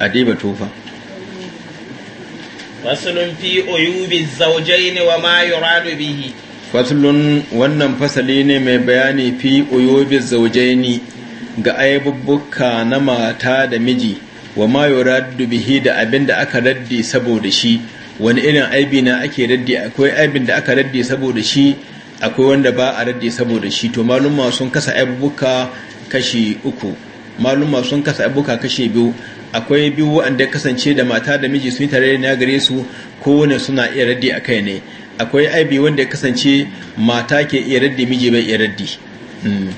a diba tufa faslun fi uyubi ne wa ma yuradu bihi faslun wannan fasali ne mai bayani fi uyubi ne ga aibubbuka na mata da miji wa ma yuradu bihi da abin da aka raddi saboda shi wani irin aibi na ake raddi akwai aibin da aka raddi saboda shi akwai wanda ba a raddi saboda shi to malumma sun kasa aibubuka kashi uku malumma sun kasa aibubuka kashi biyu akwai biyu wanda kasance da mata da miji sun tare na gare su kowane suna iya raddi a kai ne akwai aibi wanda ya kasance mata ke iya raddi miji bai iya raddi hmm.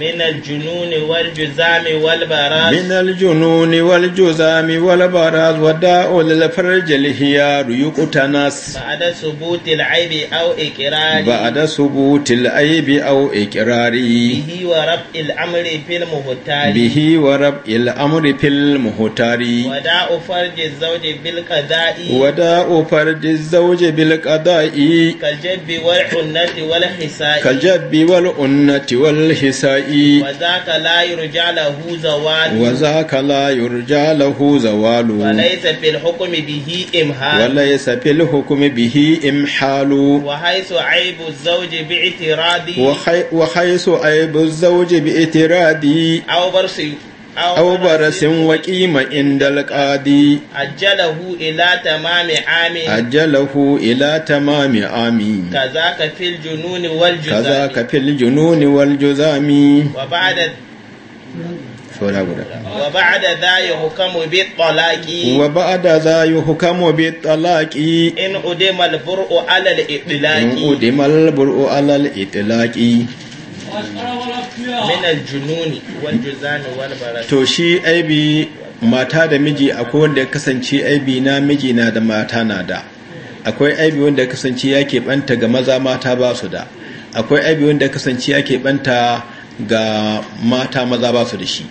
من الجنون والجزام والبراز من الجنون والجزام والبراز وداء للفرج الهيار يقتنس بعد ثبوت العيب أو إقرار بعد ثبوت العيب أو إقرار به ورب الأمر في المهتاري به ورب الأمر في المهتاري وداء فرج الزوج بالقضاء وداء فرج الزوج بالقضاء كالجب والعنة والحساء كالجب والعنة والحساء ba'i wa zaka la yurja lahu zawalu wa laysa fil hukmi bihi imhalu wa haythu aibu az bi itiradi wa aibu az bi itiradi aw waƙi wa qima indal qadi ajalahu ila tamami ami ajalahu ila tamami ami kazaka fil jununi wal juzami kazaka fil jununi wal juzami wa ba'da saura guda wa ba'da za yuhkamu bi talaqi wa ba'da za yuhkamu bi talaqi in in min jununi wal juzani wal barasi to shi aibi mata da miji akwai wanda ya kasance aibi na miji na da mata na da akwai aibi wanda ya kasance ya banta ga maza mata ba su da akwai aibi wanda ya kasance ya banta ga mata maza ba su da shi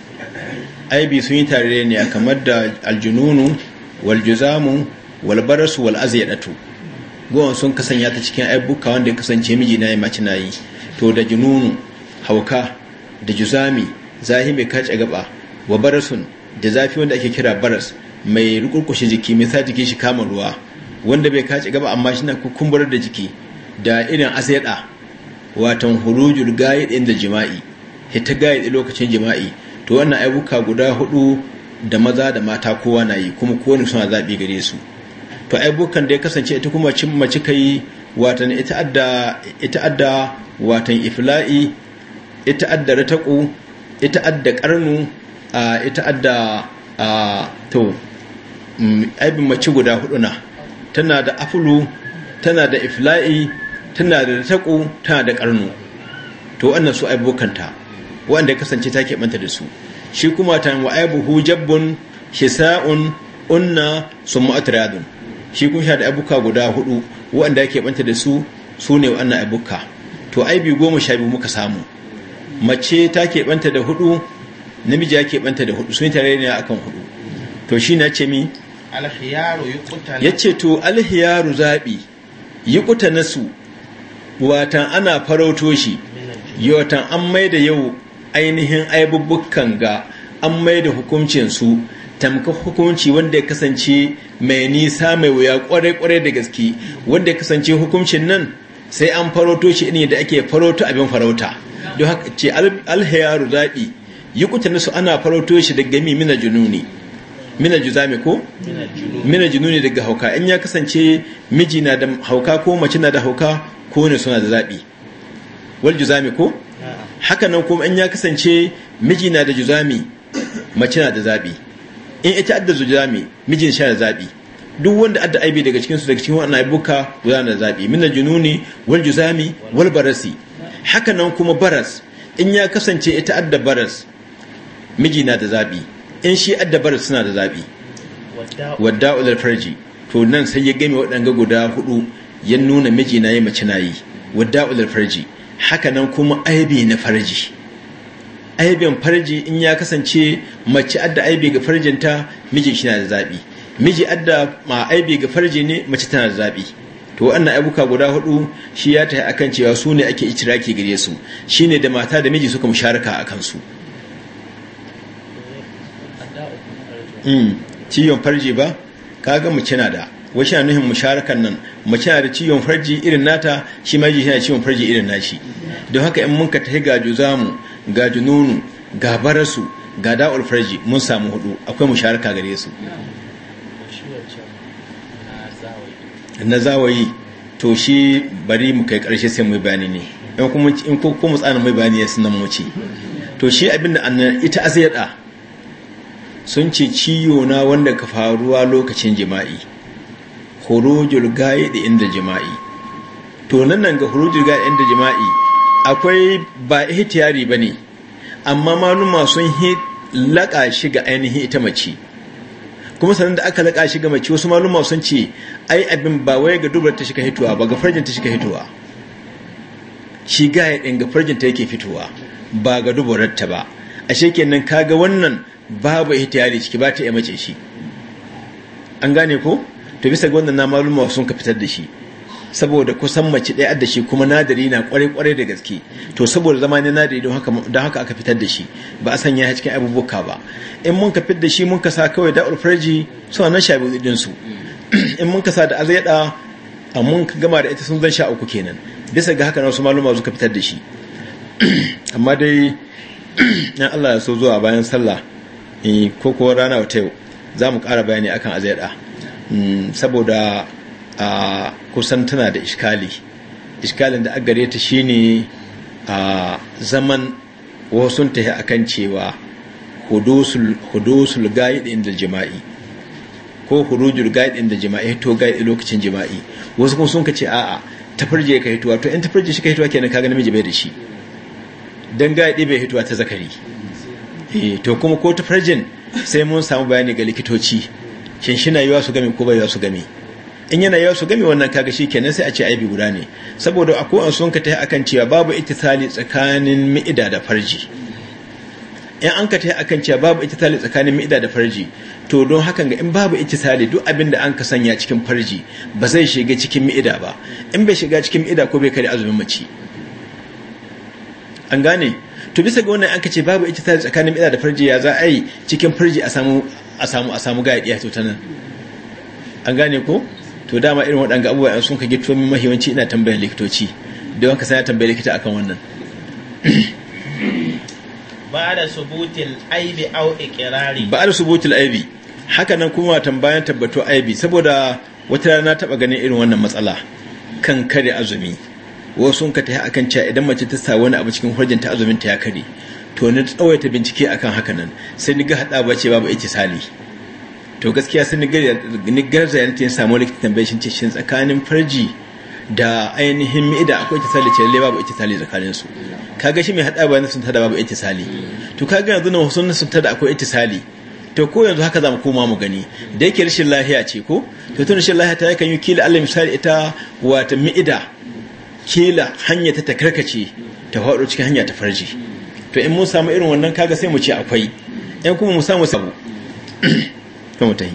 aibi sun yi tare ne a kamar da aljununu waljuzamu walbarasu walaziyadatu gowan sun kasanya ta cikin aibuka wanda ya kasance miji na yi mace na yi to da jununu hauka da juzami zahi mai kace gaba wa barasun da zafi wanda ake kira baras mai rukurkushe jiki mai sa jikin shi kama ruwa wanda bai kace gaba amma shi na kukumbar da jiki da irin asaida watan hurujul gayid da jima'i hita gayid lokacin jima'i to wannan aibuka guda hudu da maza da mata kowa na yi kuma kowane suna zaɓi gare su to aibukan da ya kasance ita kuma cin mace kai watan ita adda watan ifla'i ita adda rataqu ita adda qarnu ita adda to mm, aibin mace guda hudu na tana da afulu tana da ifla'i tana da rataqu tana da karnu to wannan su aibukanta wanda kasance ta keɓanta da su shi kuma ta wa aibuhu jabbun shisa'un unna summa ma'atiradun shi kun sha da abuka guda hudu waɗanda ke banta da su su ne waɗannan abuka to aibi goma sha biyu muka samu mace ta keɓanta da hudu namiji ya keɓanta da hudu sun tare ne akan hudu to shi na ce mi ya ce to alhiyaru zaɓi yi kuta nasu watan ana farauto shi yawatan an mai da yau ainihin aibubukan ga an mai da hukuncinsu tamka hukunci wanda ya kasance mai nisa mai wuya kwarai-kwarai da gaske wanda ya kasance hukuncin nan sai an farauto shi ne da ake farauta abin farauta don haka ce alhayaru zaɓi yi kuta su ana farauto shi daga mi mina jununi mina juzami ko mina jununi daga hauka in ya kasance miji na da hauka ko mace na da hauka ko ne suna da zaɓi wal juzami ko haka nan kuma in ya kasance miji na da juzami mace na da zaɓi in ita adda juzami miji na da zaɓi duk wanda adda aibi daga cikinsu daga cikin wannan aibuka guda na zaɓi mina jununi wal juzami wal barasi haka nan kuma baras in ya kasance ita adda baras miji na da zabi in shi adda baras suna da zabi wadda ular farji to nan sai ya game waɗanga guda hudu ya nuna miji na yi mace na yi wadda ular farji haka nan kuma aibi na farji aibin farji in ya kasance mace adda aibi ga farjinta miji shi na da zabi miji adda ma aibi ga farji ne mace tana da zabi to wannan abuka guda hudu shi ya ta akan cewa su ne ake itiraki gare su shine da mata da miji suka musharaka a kansu hmm, ciyon farji ba kaga mace na da wasu na nuhin musharakan nan mace na da ciyon farji irin nata shi ma ji shi na ciyon farji irin nashi don haka in mun ka tafi gaju zamu ga jununu ga ga da'ul farji mun samu hudu akwai musharaka gare su na zawayi to shi bari mu kai karshe sai mu bayani ne in kuma in ko kuma tsana mai bayani ya sunan mu ce to shi abinda annan ita asyada sun ce ciyo na wanda ka faruwa lokacin jima'i hurujul gaid inda jima'i to nan nan ga hurujul gaid inda jima'i akwai ba ihtiyari bane amma maluma sun hi laƙa shi ga ainihin ita mace kuma sanin da aka laƙa shi ga mace wasu maluma sun ce ai abin ba wai ga dubar ta shiga hitowa ba ga farjin ta shiga hitowa shi ya ɗin ga farjin ta yake fitowa ba ga dubar ta ba ashe kenan ga wannan babu yari ciki ba ta iya mace shi an gane ko to bisa ga wannan na maluma sun ka fitar da shi saboda kusan mace ɗaya da shi kuma nadari na kwarai-kwarai da gaske to saboda zama ne nadari don haka aka fitar da shi ba a sanya ya cikin abubuwa ba in mun ka fitar da shi mun ka sa kawai da farji suna na shabi din su in mun kasa da azayada a mun gama da ita sun zan sha uku kenan bisa ga haka na wasu maluma suka fitar da shi amma dai in Allah ya so zuwa bayan sallah eh, ko ko rana wata yau za mu ƙara bayani akan azayada mm, saboda a kusan tana da iskali iskalin da agare ta shine a zaman wasu ta akan cewa hudusul ga'idin da jima'i ko hurujul guide din da jima'i to guide lokacin jima'i wasu kuma sun kace a'a tafarje ka hituwa to in tafarje shi kai hituwa kenan kaga namiji bai da shi dan guide bai hituwa ta zakari eh to kuma ko tafarjin sai mun samu bayani ga likitoci shin shina yiwa su game ko bai yiwa su game in yana yawa su game wannan kaga shi kenan sai a ce aibi guda ne saboda akwai an sun ka ta akan cewa babu ittisali tsakanin mi'ida da farji in an ka ta akan cewa babu ittisali tsakanin mi'ida da farji to don hakan ga in babu ittisali duk abin da an ka sanya cikin farji ba zai shiga cikin mi'ida ba in bai shiga cikin mi'ida ko bai kare azumin mace an gane to bisa ga wannan an ka ce babu ittisali tsakanin mi'ida da farji ya za a yi cikin farji a samu a samu a samu ga iya to ta nan an gane ko to dama irin waɗanga abubuwa an sun ka gito min mahiwanci ina tambayar likitoci don ka sanya tambayar likita akan wannan ba da subutil aibi au ba da aibi haka nan kuma tambayan tabbato aibi saboda wata rana taba ganin irin wannan matsala kan kare azumi wasu ka ta akan cewa idan mace ta sa wani abu cikin hujjanta azumin ta ya kare to ni tsawaita bincike akan haka nan sai ni ga hada ba ce babu sali to gaskiya sai ni garza yana ta samu likita tambaye shi shin tsakanin farji da ainihin mi'ida akwai sali ce lalle babu sali tsakanin su kaga shi mai hada bayan sun tada babu ittisali to kaga yanzu na sunna sun tada akwai ittisali to ko yanzu haka zamu koma mu gani da yake rashin lafiya ce ko to tun rashin lafiya ta yakan yi kila Allah misali ita wata mi'ida kila hanya ta takarkace ta faɗo cikin hanya ta farji to in mun samu irin wannan kaga sai mu ce akwai in kuma mu samu sabu to mu tahi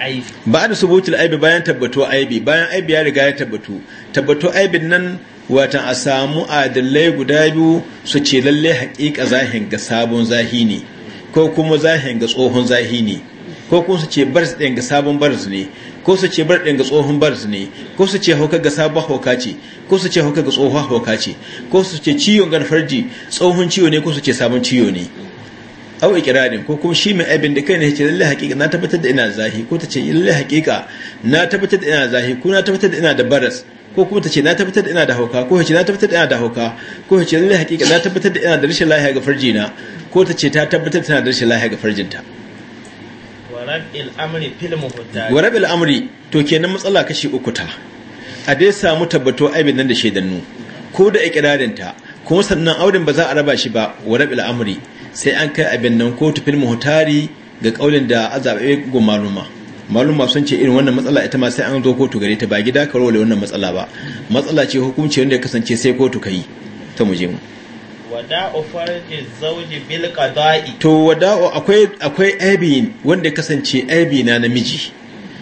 aibi da subutul aibi bayan tabbato aibi bayan aibi ya riga ya tabbatu tabbato aibin nan watan a samu adalai guda biyu su ce lalle haƙiƙa zahin ga sabon zahi ne ko kuma zahin ga tsohon zahi ne ko kuma su ce bars ɗin ga sabon bars ne ko su ce bar ɗin ga tsohon bars ne ko su ce hauka ga sabon hauka ce ko su ce hauka ga tsohon hauka ce ko su ce ciwon gan farji tsohon ciwo ne ko su ce sabon ciwo ne au ikirarin ko kuma shi mai abin da kai ne ce lalle haƙiƙa na tabbatar da ina zahi ko ta ce lalle haƙiƙa na tabbatar da ina zahi ko na tabbatar da ina da baras ko kuma ta ce na tabbatar da ina da hauka ko ta ce na tabbatar da ina da hauka ko ta ce lallai hakika na tabbatar da ina da rashin lafiya ga farjina ko ta ce ta tabbatar da tana da rashin lafiya ga farjinta wa rabil amri to kenan matsala kashi uku ta a dai samu tabbato aibin nan da shaidannu ko da ta kuma sannan auren ba za a raba shi ba wa rabil amri sai an kai abin nan kotu filmu hutari ga kaulin da azabe gumaluma ba sun ce irin wannan matsala ita ma sai an zo kotu gare ta ba gida ka role wannan matsala ba matsala ce hukunci wanda ya kasance sai kotu ka yi ta muje mu wada'u farji zawji bil qada'i to wada'u akwai akwai aibi wanda ya kasance aibi na namiji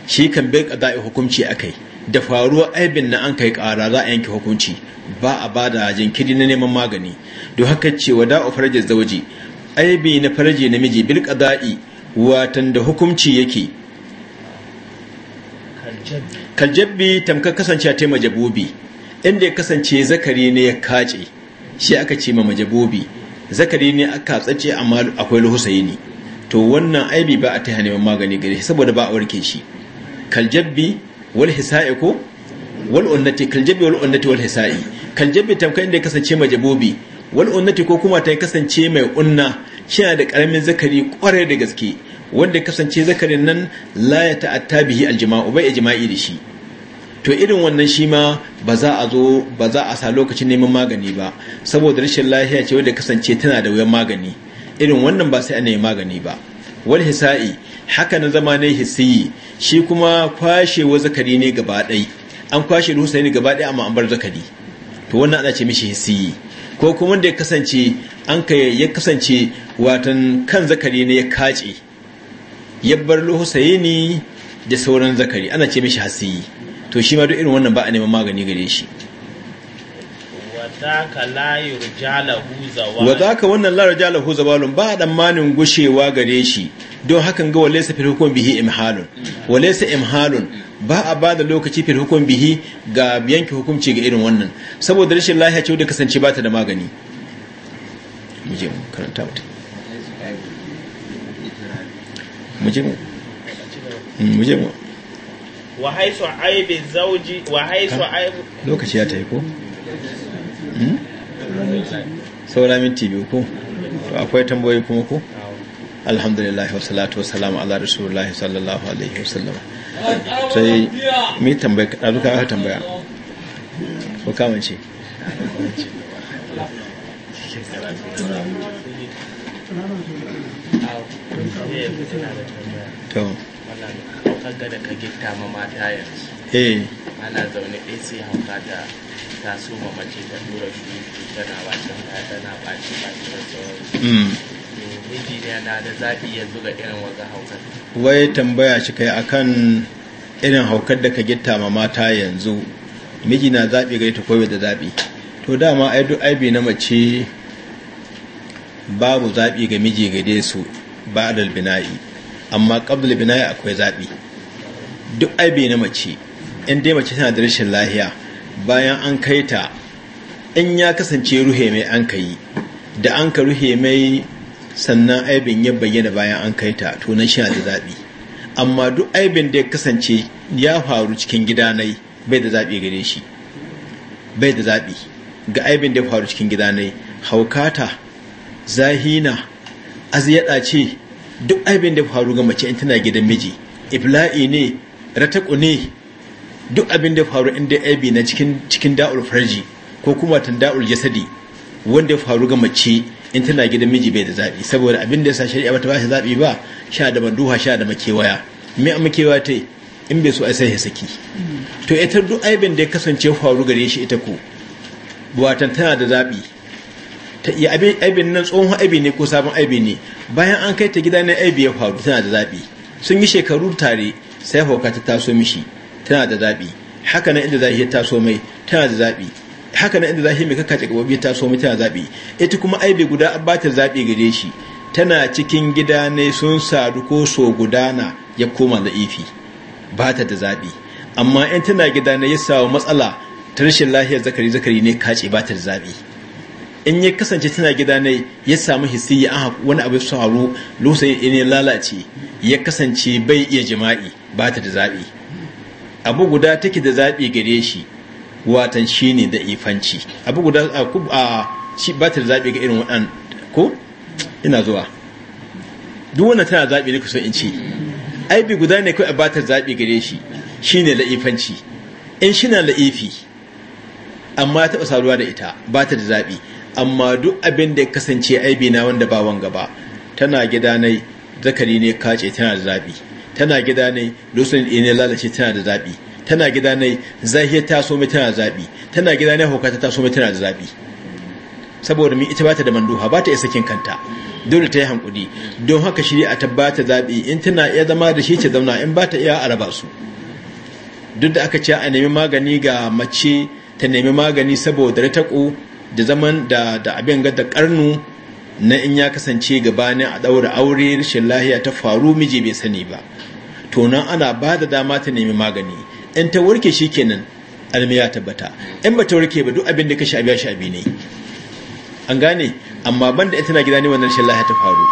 shi kan bil qada'i hukunci akai da faruwa aibin na an kai kara za a yanke hukunci ba a bada jinkiri na neman magani don haka ce wada'u farji zawji aibi na farji namiji bil qada'i watan da hukunci yake kaljabbi tamka kasance ta taima jabobi inda ya kasance zakari ne ya kace shi aka ce ma majabobi zakari ne aka tsace amma akwai lahusaini to wannan aibi ba a ta neman magani gare saboda ba a warke shi kaljabbi wal hisa'i ko wal unnati kaljabbi wal unnati wal hisa'i kaljabbi tamka inda ya kasance majabobi wal unnati ko kuma ta kasance mai unna shi da karamin zakari kwarai da gaske wanda ya kasance zakarin nan la ya ta'atta bihi aljima'u bai ijma'i da shi to irin wannan shi ma ba za a zo ba za a sa lokacin neman magani ba saboda rashin lafiya ce wanda kasance tana da wuyan magani irin wannan ba sai a nemi magani ba wal hisa'i haka na zama ne hisiyi shi kuma wa zakari ne gaba ɗai an kwashe sai ne gaba ɗai amma an bar zakari to wannan ana ce mishi hisiyi ko kuma wanda ya kasance an ya kasance watan kan zakari ne ya kace ya bar luhusaini da sauran zakari ana ce mishi hasiyi to shi ma duk irin wannan ba a neman magani gare shi wa ka wannan la rajala hu zawalun ba dan manin gushewa gare shi don hakan ga walaysa fil hukum bihi imhalun walaysa imhalun ba a ba da lokaci fil hukum bihi ga yanke hukunci ga irin wannan saboda rashin lafiya ce da kasance ba ta da magani mu je karanta mutum mu je mu mu je mu wa haisu aibi zauji wa haisu aibi lokaci ya tafi ko hmm? saura minti biyu ko to akwai tambayoyi kuma ko alhamdulillah wa salatu wa salamu ala rasulullah sallallahu alaihi wa sallam sai mi tambaya ka duka aka tambaya ko ce Thank you. to kaga da ka gita ma mata yanzu eh ana zaune ɗaya sai hauka ta ta so ma mace ta tura shi tana ta kaya tana ba ta da sauransu miji na da zaɓi yanzu ga irin wata haukar wai tambaya shi kai akan irin haukar da ka gita ma mata yanzu miji na zaɓi gare ta koyar da zaɓi to dama ai duk aibi na mace babu zaɓi ga miji gare su ba'dal bina'i amma qabl bina'i akwai zabi duk aibe na mace in dai mace tana da rashin lahiya bayan an kai ta in ya kasance ruhe mai an kai da an ka ruhe mai sannan aibin ya bayyana bayan an kai ta to nan shi da zabi amma duk aibin da ya kasance ya faru cikin gida bai da zabi gare shi bai da zabi ga aibin da ya faru cikin gida nai haukata zahina aziyada ce duk abin da faru ga mace in tana gidan miji ibla'i ne rataku ne duk abin da faru inda aibi na cikin cikin da'ul farji ko kuma tan da'ul jasadi wanda faru ga mace in tana gidan miji bai da zabi saboda abin da yasa shari'a bata ba shi zabi ba sha da duha sha da makewaya me amma makewaya tai in bai so a sai ya saki to ita duk aibin da ya kasance faru gare shi ita ko Buwatan tana da zabi ta iya aibin nan tsohon aibi ne ko sabon aibi ne bayan an kai ta gida na aibi ya faru tana da zaɓi sun yi shekaru tare sai hauka ta taso mishi tana da zaɓi haka nan inda zahi taso mai tana da zaɓi haka nan inda zahi mai kakkace gababi ta taso mai tana da zaɓi ita kuma aibi guda an ba ta zaɓi gare shi tana cikin gida ne sun sadu ko so gudana ya koma da ifi ba ta da zaɓi amma in tana gida ne ya samu matsala ta rashin lahiyar zakari zakari ne kace ba ta da zaɓi in ya kasance tana gida ne ya samu hissi ya wani abu su faru lusa in ya lalace ya kasance bai iya jima'i ba ta da zaɓi abu guda take da zaɓi gare shi watan shi ne da ifanci abu guda a shi ba ta da zaɓi ga irin waɗan ko ina zuwa duk wannan tana zaɓi ne kusa in ce aibi guda ne kawai ba ta zaɓi gare shi shi ne la'ifanci in shi na la'ifi amma ya taɓa saduwa da ita ba ta da zaɓi amma duk abin da ya kasance aibi na wanda ba wanga ba tana gida ne zakari ne kace tana da zabi tana gida ne lusul ne lalace tana da zabi tana gida ne zahiya ta so mai tana da zabi tana gida ne hukata ta so mai tana da zabi saboda mi ita bata da manduha bata isa kin kanta dole ta yi hankuli don haka shari'a ta bata zabi in tana iya zama da shi ce zauna in bata iya araba su duk da aka ce a nemi magani ga mace ta nemi magani saboda rataku da zaman da abin ga da karnu na in ya kasance gabanin a daura aure rashin lahiya ta faru miji bai sani ba to nan ana ba da dama ta nemi magani in ta warke shi kenan almi ya tabbata in ba ta warke ba duk abin da ka sha biya sha ne an gane amma da ita na gida ne wannan rashin lahiya ta faru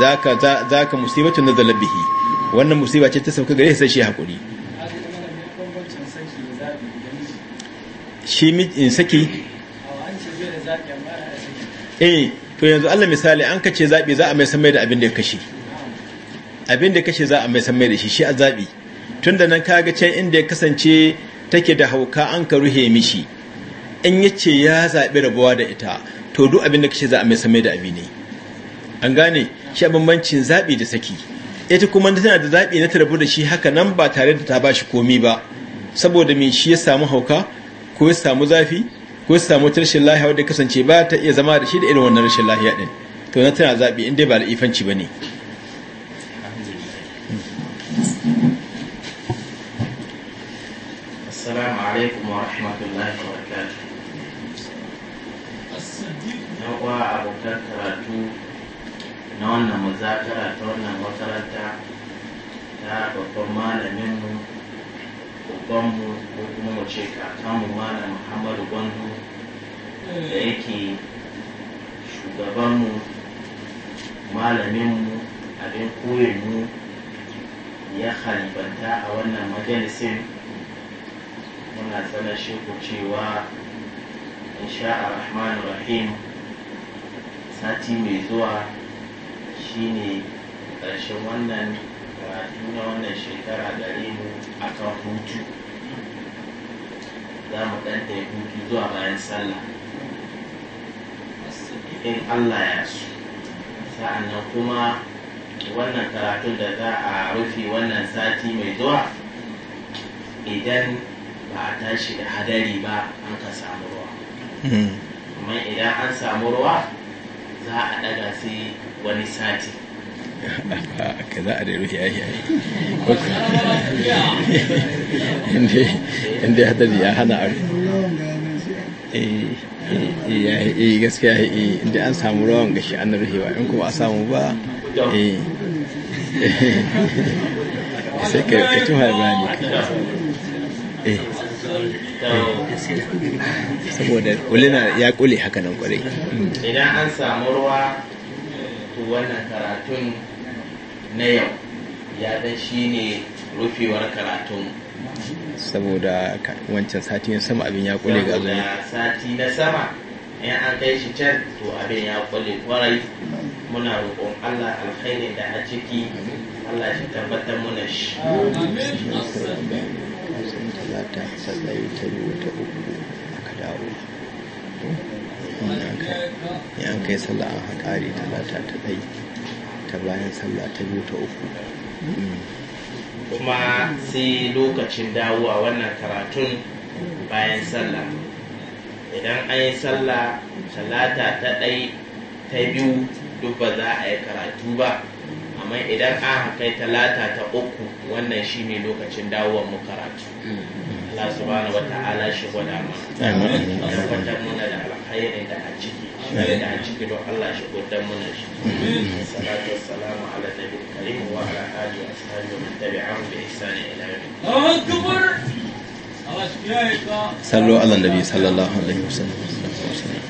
zaka zaka musibatu na bihi wannan musiba ce ta sauka gare sai shi hakuri shi in saki eh to yanzu Allah misali an kace zabi za a mai san da abin da ya kashe abin da kashe za a mai san da shi shi a zabi tunda nan kaga can inda ya kasance take da hauka an ka ruhe mishi in yace ya zabi rabuwa da ita to duk abin da kashe za a mai san da abi ne an gane shi a bambancin zabi da saki ita kuma tana da zabi na ta da shi haka nan ba tare da ta bashi komi ba saboda me shi ya samu hauka ko ya samu zafi ko su samu rashin lahiya wadda kasance ba ta iya zama da shi da irin wannan rashin lahiya din to na tana zaɓi inda ba ifanci ba ne abokan karatu na wannan muzakara ta wannan makaranta ta babban malaminmu babbanmu ko kuma mu ce kakanmu mana muhammadu gwandu da yake shugabanmu malaminmu abin koyonmu ya halibanta a wannan majalisin muna sanar shi ku cewa insha rahman rahim sati mai zuwa shine ƙarshen wannan karatu na wannan shekara gare mu Akan hutu za mu ɗan ɗaya hutu zuwa bayan sallah in allah ya su sa'annan kuma wannan karatun da za a rufe wannan sati mai zuwa idan ba a tashi da hadari ba an ka samu ruwa kuma idan an samu ruwa za a daga sai wani sati ka za a da ruhi yayi yayi inda ya ya hana abu eh, eh, eh, eh gaskiya eh inda an samu rawan gashi an ruhewa in kuma a samu ba eh sai ka saboda kulina ya kule haka nan kwarai idan an samu ruwa wannan karatun na yau ya dan shi ne rufewar karatun saboda wancan sati na sama abin ya kule ga zuwa sati na sama in an kai shi can to abin ya kule kwarai muna roƙon allah alkhairi da a ciki allah shi tabbatar muna shi kuma ya an kai sallah an haƙari talata ta ɗai ta bayan sallah ta biyu ta uku mm. kuma sai lokacin dawowa wannan karatun bayan sallah idan an yi sallah talata ta ɗai ta biyu duk ba za a yi karatu ba amma idan an haƙai talata ta uku wannan shine lokacin dawowa mu karatu mm. Allah subhanahu wa ta'ala shi gwada mana ya tabbatar muna da alkhairin da a ciki shi da a ciki don Allah shi gwada muna shi salatu wassalamu ala nabi karim wa ala alihi wa ashabihi wa tabi'ahum bi ihsani ila